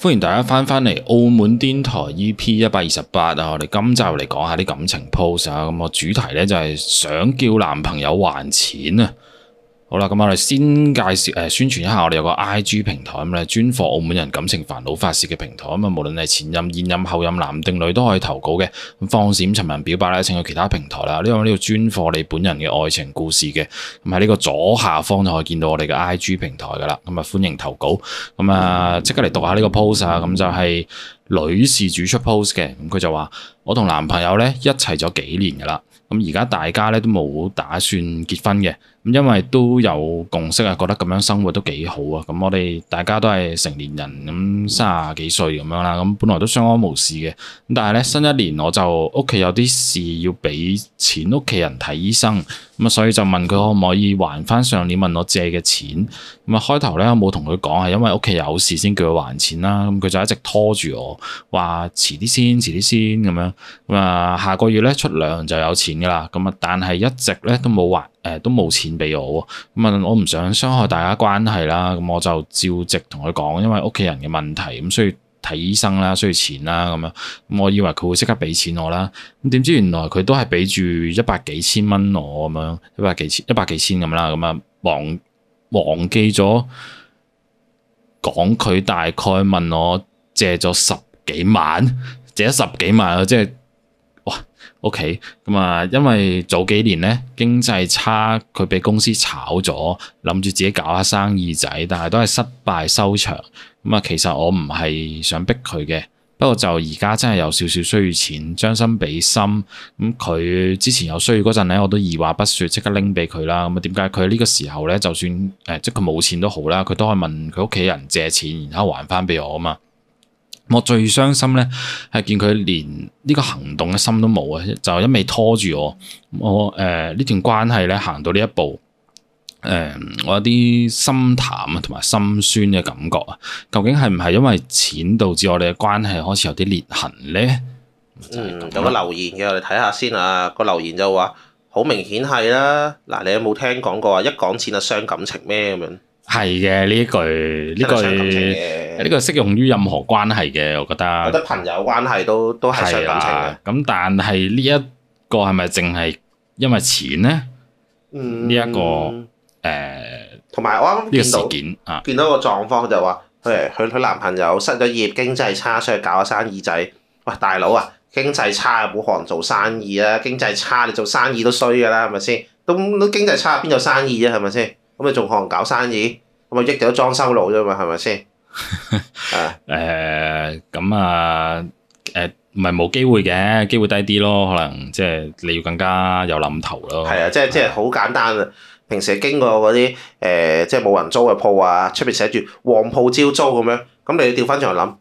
歡迎大家翻返嚟《澳門癲台 EP 一百二十八》啊！我哋今集嚟講下啲感情 post 啊！咁我主題咧就係想叫男朋友還錢啊！好啦，咁我哋先介紹誒、呃，宣傳一下我哋有個 I G 平台咁咧，專放澳門人感情煩惱發泄嘅平台。咁啊，無論係前任、現任、後任，男定女都可以投稿嘅。咁放閃尋人表白咧，請去其他平台啦。呢個呢個專放你本人嘅愛情故事嘅。咁喺呢個左下方就可以見到我哋嘅 I G 平台噶啦。咁、嗯、啊，歡迎投稿。咁、嗯、啊，即刻嚟讀下呢個 post 啊、嗯。咁就係、是、女事主出 post 嘅。咁、嗯、佢就話：我同男朋友咧一齊咗幾年噶啦。咁而家大家咧都冇打算結婚嘅。因為都有共識啊，覺得咁樣生活都幾好啊。咁、嗯、我哋大家都係成年人，咁三十幾歲咁樣啦。咁、嗯、本來都相安無事嘅。咁但係咧新一年我就屋企有啲事要俾錢屋企人睇醫生，咁、嗯、所以就問佢可唔可以還翻上年問我借嘅錢。咁啊開頭咧我冇同佢講，係因為屋企有事先叫佢還錢啦。咁、嗯、佢就一直拖住我，話遲啲先，遲啲先咁樣。咁、嗯、啊、嗯、下個月咧出糧就有錢噶啦。咁、嗯、啊但係一直咧都冇還。誒都冇錢俾我喎，咁啊我唔想傷害大家關係啦，咁我就照直同佢講，因為屋企人嘅問題，咁需要睇醫生啦，需要錢啦，咁樣，咁我以為佢會即刻俾錢我啦，咁點知原來佢都係俾住一百幾千蚊我咁樣，一百幾千，一百幾千咁啦，咁啊忘忘記咗講佢大概問我借咗十幾萬，借咗十幾萬啊，即係。屋企咁啊，okay, 因為早幾年呢經濟差，佢畀公司炒咗，諗住自己搞下生意仔，但係都係失敗收場。咁啊，其實我唔係想逼佢嘅，不過就而家真係有少少需要錢，將心比心。咁佢之前有需要嗰陣呢，我都二話不說即刻拎俾佢啦。咁啊，點解佢呢個時候呢？就算誒即係佢冇錢都好啦，佢都可以問佢屋企人借錢，然後還翻畀我啊嘛。我最傷心咧，係見佢連呢個行動嘅心都冇啊，就一味拖住我。我誒呢、呃、段關係咧行到呢一步，誒、呃、我有啲心淡啊，同埋心酸嘅感覺啊。究竟係唔係因為錢導致我哋嘅關係開始有啲裂痕咧？嗯，有個留言嘅我哋睇下先啊。個留言就話好明顯係啦。嗱，你有冇聽講過話一講錢就傷感情咩咁樣？係嘅，呢句呢句。呢個適用於任何關係嘅，我覺得。我覺得朋友關係都都係有感情嘅。咁但係呢一個係咪淨係因為錢咧？嗯。呢一個誒，同埋我啱啱見到，個事件見到個狀況就話，誒、啊，佢佢男朋友失咗業，經濟差，出去搞下生意仔。喂，大佬啊，經濟差冇可能做生意啊。經濟差你做生意都衰噶啦，係咪先？咁都經濟差邊有生意啊，係咪先？咁你仲可能搞生意？咁啊，益咗裝修佬啫嘛，係咪先？誒、 呃，咁啊，誒、呃，唔係冇機會嘅，機會低啲咯，可能即係你要更加有諗頭咯。係啊，即係即係好簡單啊。的平時經過嗰啲誒，即係冇人租嘅鋪啊，出邊寫住旺鋪招租咁樣，咁你要調翻轉嚟諗，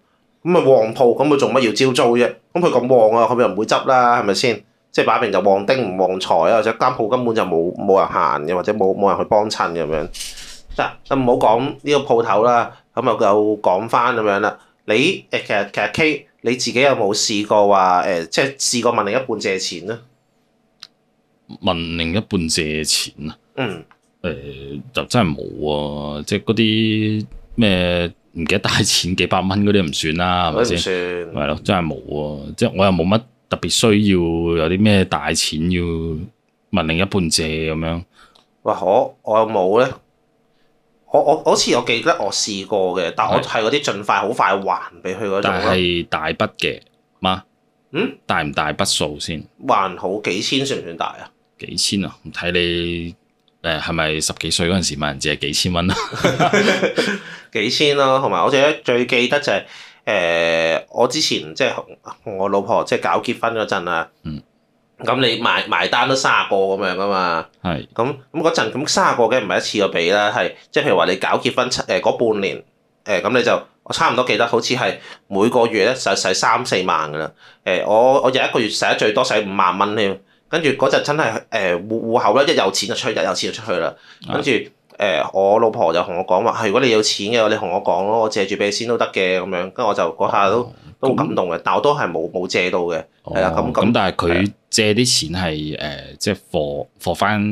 咁啊旺鋪，咁佢做乜要招租啫？咁佢咁旺啊，佢咪唔會執啦、啊，係咪先？即係擺明就旺丁唔旺財啊，或者間鋪根本就冇冇人行嘅，或者冇冇人去幫襯咁樣。嗱，唔好講呢個鋪頭啦。咁又講翻咁樣啦，你誒其實其實 K 你自己有冇試過話誒，即係試過問另一半借錢咧？問另一半借錢啊？嗯。誒就真係冇啊，即係嗰啲咩唔記得帶錢幾百蚊嗰啲唔算啦，係咪先？唔算。係咯，真係冇啊，即係我又冇乜特別需要，有啲咩大錢要問另一半借咁樣。喂，可我又冇咧？我我好似我記得我試過嘅，但我係嗰啲盡快好快還俾佢嗰種啊。但係大筆嘅嗎？嗯？大唔大筆數先？還好幾千算唔算大啊？幾千啊？唔睇你誒係咪十幾歲嗰陣時問人只係幾千蚊？ 啊？幾千咯，同埋我最最記得就係、是、誒、呃、我之前即係我老婆即係搞結婚嗰陣啊。嗯。咁你埋埋單都卅個咁樣噶嘛？係咁咁嗰陣咁卅個嘅唔係一次就俾啦，係即係譬如話你搞結婚七嗰半年誒，咁你就我差唔多記得好似係每個月咧使使三四萬噶啦誒，我我就一個月使得最多使五萬蚊添，跟住嗰陣真係誒戶戶口咧一有錢就出去，一有錢就出去啦。跟住誒我老婆就同我講話，如果你有錢嘅，你同我講咯，我借住俾你先都得嘅咁樣。跟住我就嗰下都都好感動嘅，但我都係冇冇借到嘅，係啊咁咁。但係佢。借啲錢係誒、呃就是，即係貸貸翻，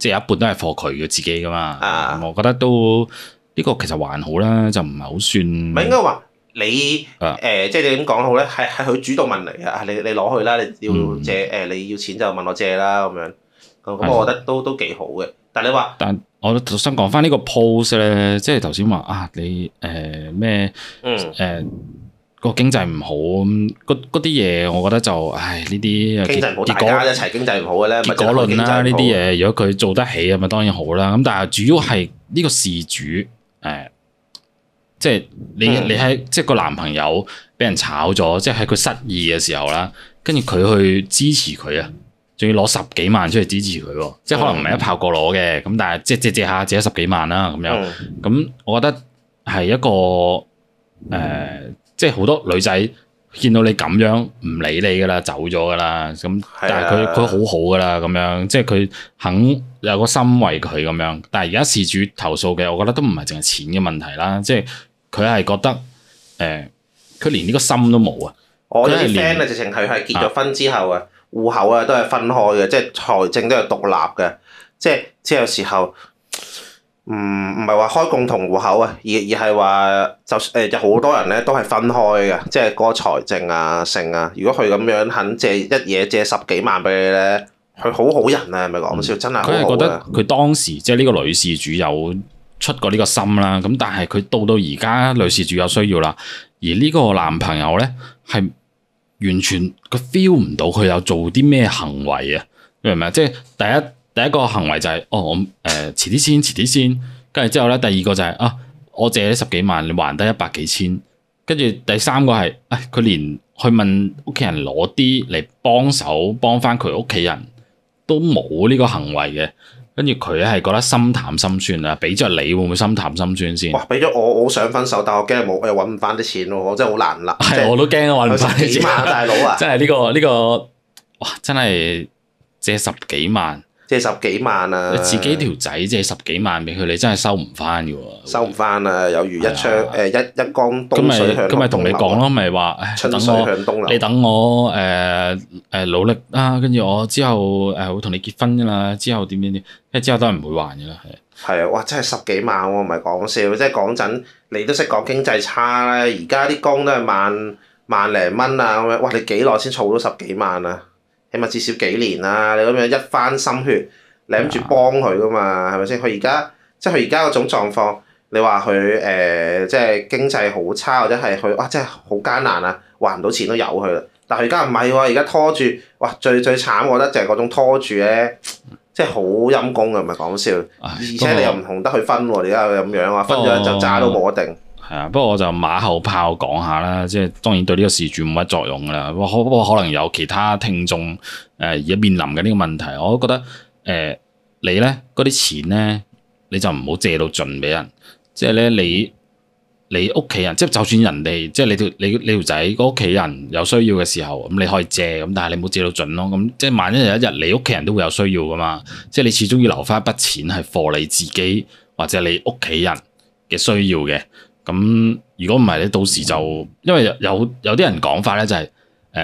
即係有一半都係貸佢嘅自己㗎嘛、啊嗯。我覺得都呢、這個其實還好啦，就唔係好算。唔係應該話你誒，即係你點講好咧？係係佢主動問嚟嘅，你你攞去啦，你要借誒、嗯呃，你要錢就問我借啦，咁樣咁，我覺得都是是都幾好嘅。但你話，但我想講翻呢個 post 咧，即係頭先話啊，你誒咩誒？呃麼個經濟唔好，嗰啲嘢，我覺得就，唉，呢啲，經濟好結果大家一齊經濟唔好嘅咧，結果論啦，呢啲嘢，如果佢做得起，咁咪當然好啦。咁但係主要係呢個事主，誒、哎，即係你、嗯、你喺即係個男朋友俾人炒咗，即係佢失意嘅時候啦，跟住佢去支持佢啊，仲要攞十幾萬出嚟支持佢喎，即係可能唔係一炮過攞嘅，咁、嗯、但係借借下借下借咗十幾萬啦，咁樣，咁、嗯、我覺得係一個誒。呃即係好多女仔見到你咁樣唔理你噶啦，走咗噶啦。咁但係佢佢好好噶啦，咁樣即係佢肯有個心為佢咁樣。但係而家事主投訴嘅，我覺得都唔係淨係錢嘅問題啦。即係佢係覺得誒，佢、欸、連呢個心都冇啊。我啲 friend 咧，直情佢係結咗婚之後啊，戶口啊都係分開嘅，即係財政都係獨立嘅，即係即係有時候。唔唔係話開共同戶口、呃、啊，而而係話就誒有好多人咧都係分開嘅，即係嗰個財政啊剩啊。如果佢咁樣肯借一嘢，借十幾萬俾你咧，佢好好人啊，咪講、嗯、笑真係好好啊！佢係覺得佢當時即係呢個女事主有出過呢個心啦，咁但係佢到到而家女事主有需要啦，而呢個男朋友咧係完全佢 feel 唔到佢有做啲咩行為啊，你明唔明啊？即係第一。第一個行為就係、是、哦，我誒遲啲先，遲啲先。跟住之後咧，第二個就係、是、啊，我借咗十幾萬，你還得一百幾千。跟住第三個係，誒、哎，佢連去問屋企人攞啲嚟幫手幫翻佢屋企人都冇呢個行為嘅。跟住佢咧係覺得心淡心酸啦。俾咗你會唔會心淡心酸先？哇！俾咗我，我想分手，但我驚冇我又搵唔翻啲錢咯，我真係好難啦。是就是、我都驚啊，搵唔翻啲錢啊，大佬啊！真係呢個呢個，這個、哇！真係借十幾萬。借十幾萬啊！你自己條仔借十幾萬俾佢，你真係收唔翻嘅喎。收唔翻啊！有如一槍誒，一一江春水向東流。咁咪咁咪同你講咯，咪話誒，等我你等我誒誒努力啊！跟住我之後誒會同你結婚㗎啦。之後點點點，因為之後都係唔會還嘅啦，係。係啊！哇，真係十幾萬喎，唔係講笑。即係講真，你都識講經濟差啦。而家啲工都係萬萬零蚊啊！咁樣哇，你幾耐先儲到十幾萬啊？起碼至少幾年啦、啊，你咁樣一番心血，你諗住幫佢㗎嘛，係咪先？佢而家即係佢而家嗰種狀況，你話佢誒即係經濟好差，或者係佢哇，真係好艱難啊，還唔到錢都由佢啦。但係而家唔係喎，而家拖住，哇！最最慘，我覺得就係嗰種拖住咧，即係好陰功㗎，唔係講笑。而且你又唔同得佢分喎，而家咁樣啊，啊樣分咗就渣都冇得定。哦。係啊，不過我就馬後炮講下啦，即係當然對呢個事主冇乜作用噶啦。可可不過可能有其他聽眾誒而家面臨嘅呢個問題，我都覺得誒、呃，你咧嗰啲錢咧，你就唔好借到盡俾人。即係咧，你你屋企人，即係就算人哋即係你條你你條仔個屋企人有需要嘅時候，咁你可以借，咁但係你冇借到盡咯。咁即係萬一有一日你屋企人都會有需要噶嘛，即係你始終要留翻一筆錢係貨你自己或者你屋企人嘅需要嘅。咁如果唔係你到時就因為有有啲人講法咧、就係，就係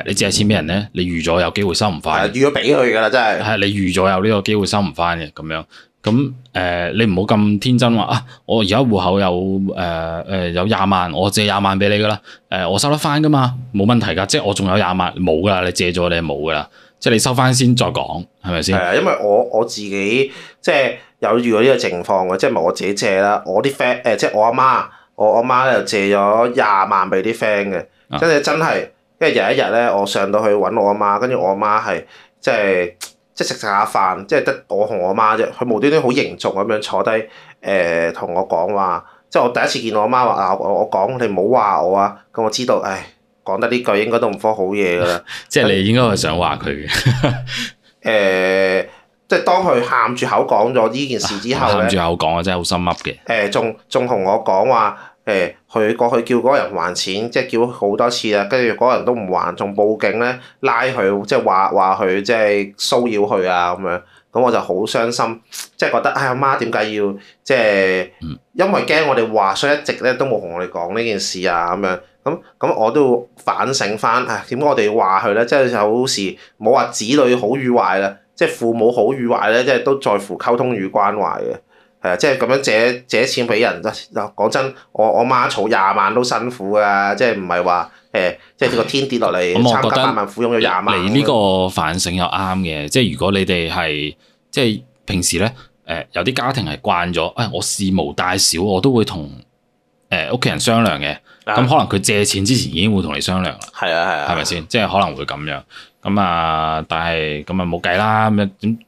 誒你借錢俾人咧，你預咗有機會收唔翻，預咗俾佢噶啦，真係係你預咗有呢個機會收唔翻嘅咁樣。咁、呃、誒，你唔好咁天真話啊！我而家戶口有誒誒、呃、有廿萬，我借廿萬俾你噶啦。誒、呃，我收得翻噶嘛，冇問題噶。即係我仲有廿萬冇噶啦，你借咗你冇噶啦。即係你收翻先再講，係咪先？係啊，因為我我自己即係有預咗呢個情況嘅，即係唔係我自己借啦？我啲 friend 誒，即係我阿媽、媽。我阿媽咧又借咗廿萬俾啲 friend 嘅，真係真係，因為有一日咧，我上到去揾我阿媽，跟住我阿媽係即係即係食食下飯，即係得我同我媽啫。佢無端端好凝重咁樣坐低，誒、呃、同我講話，即係我第一次見到我阿媽話我，我講你唔好話我啊。咁我知道，唉，講得呢句應該都唔科好嘢噶啦。即係 你應該係想話佢嘅。誒、 呃，即係當佢喊住口講咗呢件事之後喊住、啊、口講、呃、我真係好心噏嘅。誒，仲仲同我講話。誒，佢過去叫嗰人還錢，即係叫好多次啦。跟住嗰人都唔還，仲報警咧，拉佢，即係話話佢即係騷擾佢啊咁樣。咁我就好傷心，即係覺得啊，哎，阿媽點解要即係，因為驚我哋話，所以一直咧都冇同我哋講呢件事啊咁樣。咁咁我都反省翻，點解我哋要話佢咧？即係有時冇話子女好與壞啦，即係父母好與壞咧，即係都在乎溝通與關懷嘅。即係咁樣借借錢俾人啦。講真，我我媽儲廿萬都辛苦啊。即係唔係話誒，即係呢個天跌落嚟，我覺得萬富翁有廿萬。萬你呢個反省又啱嘅。即係如果你哋係即係平時咧，誒、呃、有啲家庭係慣咗，誒、哎、我事無大小，我都會同誒屋企人商量嘅。咁是的 可能佢借錢之前已經會同你商量。係啊係啊，係咪先？即係可能會咁樣。咁啊，但係咁啊冇計啦。咁樣點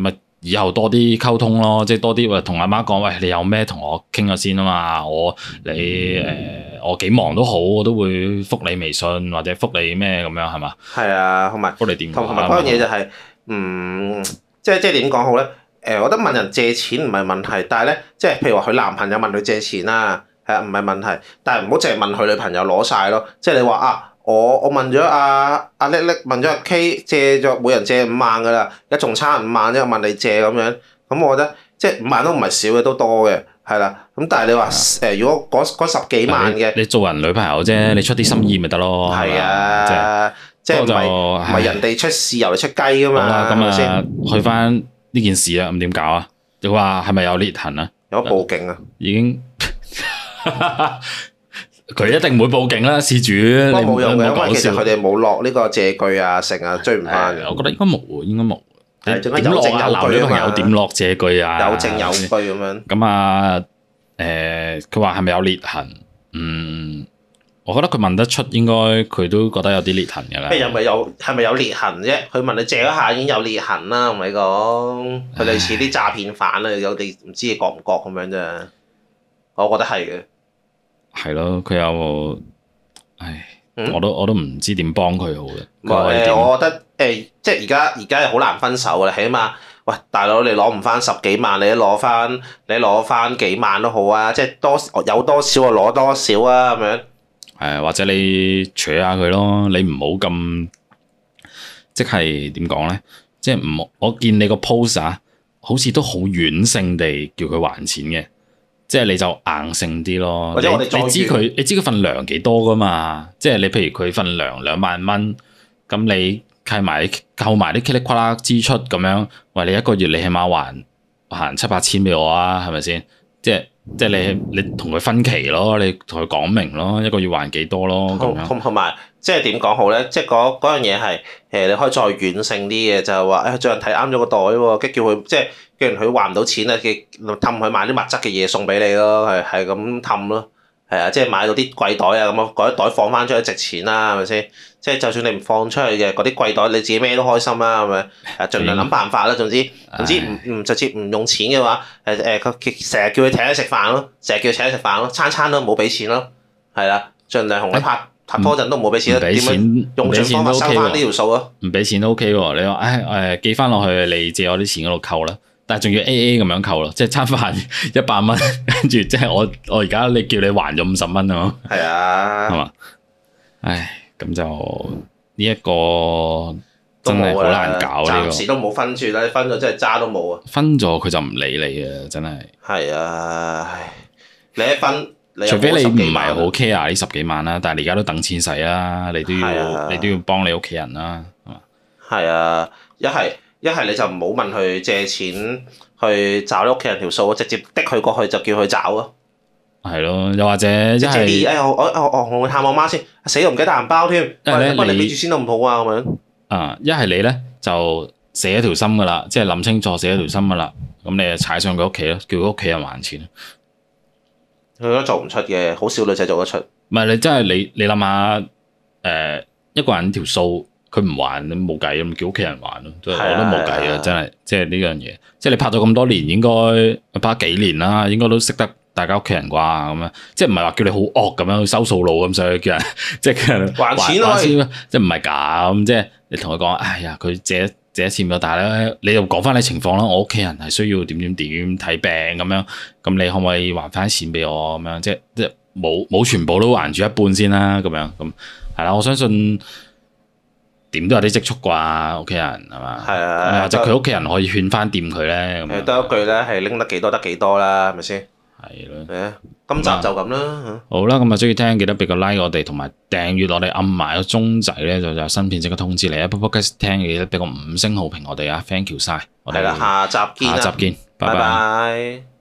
誒咁以後多啲溝通咯，即係多啲喂同阿媽講，喂，你有咩同我傾下先啊嘛，我你誒、嗯、我幾忙都好，我都會覆你微信或者覆你咩咁樣係嘛？係啊，好埋覆你電話啦。同埋嗰樣嘢就係、是，嗯， 即係即係點講好咧？誒、呃，我覺得問人借錢唔係問題，但係咧，即係譬如話佢男朋友問佢借錢啦，係啊，唔係、啊、問題，但係唔好凈係問佢女朋友攞晒咯。即係你話啊。我我問咗阿阿叻叻問咗阿 K 借咗每人借五萬噶啦，而家仲差五萬啫，問你借咁樣，咁我覺得即係五萬都唔係少嘅，都多嘅，係啦。咁但係你話誒，如果嗰嗰十幾萬嘅，你做人女朋友啫，你出啲心意咪得咯？係啊，即係唔係人哋出豉油，係出雞噶嘛？好啦，咁啊，去返呢件事啊，咁點搞啊？你話係咪有裂痕啊？有報警啊？已經。佢一定唔會報警啦，事主。冇用嘅因為其實佢哋冇落呢個借據啊，成日追唔翻嘅。我覺得應該冇，應該冇。咁淨、哎呀啊、有男女朋友點落借據啊？有證有據咁樣。咁啊，誒、欸，佢話係咪有裂痕？嗯，我覺得佢問得出，應該佢都覺得有啲裂痕噶啦。即係有咪有？係咪有裂痕啫？佢問你借一下已經有裂痕啦，同你講，佢哋似啲詐騙犯啦，有啲唔知你覺唔覺咁樣啫？我覺得係嘅。係咯，佢又，唉，嗯、我都我都唔知點幫佢好嘅、嗯說哎。我覺得誒、哎，即係而家而家係好難分手嘅，起碼，喂，大佬你攞唔翻十幾萬，你都攞翻，你攞翻幾萬都好啊，即係多有多少就攞多少啊，咁樣。誒，或者你取下佢咯，你唔好咁，即係點講咧？即係唔，我見你個 post 啊，好似都好軟性地叫佢還錢嘅。即係你就硬性啲咯你，你知佢你知佢份糧幾多㗎嘛？即係你譬如佢份糧兩萬蚊，咁你計埋扣埋啲攤攤啦支出咁樣，喂你一個月你起碼還還七八千俾我啊，係咪先？即係即係你你同佢分期咯，你同佢講明咯，一個月還幾多咯咁樣。即係點講好咧？即係嗰樣嘢係誒，你可以再軟性啲嘅，就係話誒，最近睇啱咗個袋喎，跟住叫佢即係既然佢還唔到錢啊佢氹佢買啲物質嘅嘢送俾你咯，係係咁氹咯，係啊，即係買到啲貴袋啊咁啊，嗰啲袋放翻出去值錢啦，係咪先？嗯、即係就算你唔放出去嘅嗰啲貴袋，你自己咩都開心啦，係咪？誒，盡量諗辦法啦，總之、哎、總之唔唔直接唔用錢嘅話，誒、呃、誒，佢成日叫佢請你食飯咯，成日叫佢請你食飯咯，餐餐都唔好俾錢咯，係啦，盡量同佢拍。嗯拍拖陣都冇俾錢，唔俾錢用住方法收翻呢條數啊？唔俾錢都 OK 喎，你話，誒、哎，誒、哎,寄翻落去你借我啲錢嗰度扣啦,但係仲要 A A 咁樣扣咯,即係餐飯一百蚊，跟住即係我我而家你叫你還咗五十蚊咯。係啊，係嘛？唉，咁就呢一個真係好難搞。暫時都冇分住啦，分咗真係渣都冇啊。分咗佢就唔理你啊，真係。係啊，你一分。 除非你唔係好 care 呢十幾萬啦，但係你而家都等錢使啊，你都要、啊、你都要幫你屋企人啦，係嘛？係啊，一係一係你就唔好問佢借錢，去找你屋企人條數，直接滴佢過去就叫佢找咯。係咯、啊，又或者即係誒，我我我我會喊我媽先，死都唔記得帶銀包添，咁咪你俾住先都唔好啊，咁樣？啊，一係你咧就寫一條心噶啦，即係諗清楚寫一條心噶啦，咁、嗯、你就踩上佢屋企咯，叫佢屋企人還錢。佢都做唔出嘅，好少女仔做得出。唔係你真係你，你諗下，誒一個人條數，佢唔還，咁冇計咁叫屋企人還咯，是啊、我都冇計啊！真係，即係呢樣嘢，即係你拍咗咁多年，應該拍幾年啦，應該都識得大家屋企人啩咁樣，即係唔係話叫你好惡咁樣去收數路咁，所以叫人即係叫人還錢咯、啊玩你，即係唔係咁？即係你同佢講，哎呀，佢借。借一次咪，但係咧，你又講翻你情況啦。我屋企人係需要點點點睇病咁樣，咁你可唔可以還翻錢俾我咁樣？即係即係冇冇全部都還住一半先啦，咁樣咁係啦。我相信點都有啲積蓄啩，屋企人係嘛？係啊，就佢屋企人可以勸翻掂佢咧。誒，得一句咧，係拎得幾多得幾多啦，係咪先？係咯，今集就咁啦。好啦的，咁啊、嗯，鍾意聽記得俾個 like 我哋，同埋訂閱我哋，按埋個鐘仔咧，就有新片即刻通知你。Podcast 聽記得俾個五星好評我哋啊，thank you 晒。係啦的，我下集見，下集見，拜拜。拜拜。